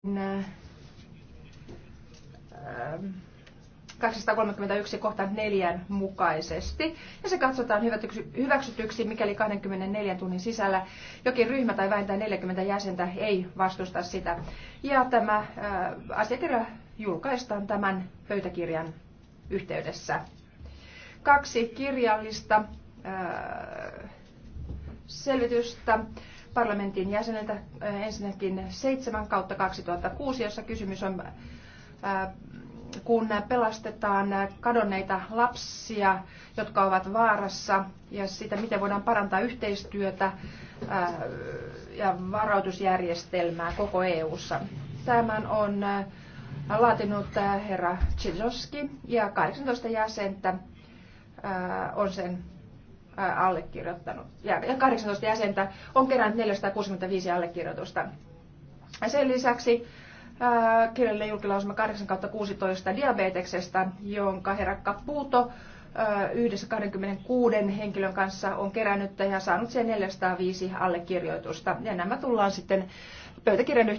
231 niin, äh, ähm, kohtaan neljän mukaisesti. Ja se katsotaan hyväksytyksi, mikäli 24 tunnin sisällä jokin ryhmä tai vähintään 40 jäsentä ei vastusta sitä. Ja tämä äh, asiakirja julkaistaan tämän pöytäkirjan yhteydessä. Kaksi kirjallista äh, selvitystä parlamentin jäseniltä äh, ensinnäkin 7 kautta 2006, jossa kysymys on, äh, kun pelastetaan kadonneita lapsia, jotka ovat vaarassa, ja sitä, miten voidaan parantaa yhteistyötä äh, ja varautusjärjestelmää koko EU:ssa. Tämän on laatinut herra Chiloski ja 18 jäsentä on sen allekirjoittanut, ja 18 jäsentä on kerännyt 465 allekirjoitusta. Sen lisäksi kirjallinen julkilausuma 8 16 diabeteksestä, jonka herakka puuto yhdessä 26 henkilön kanssa on kerännyt ja saanut sen 405 allekirjoitusta. Ja nämä tullaan sitten pöytäkirjan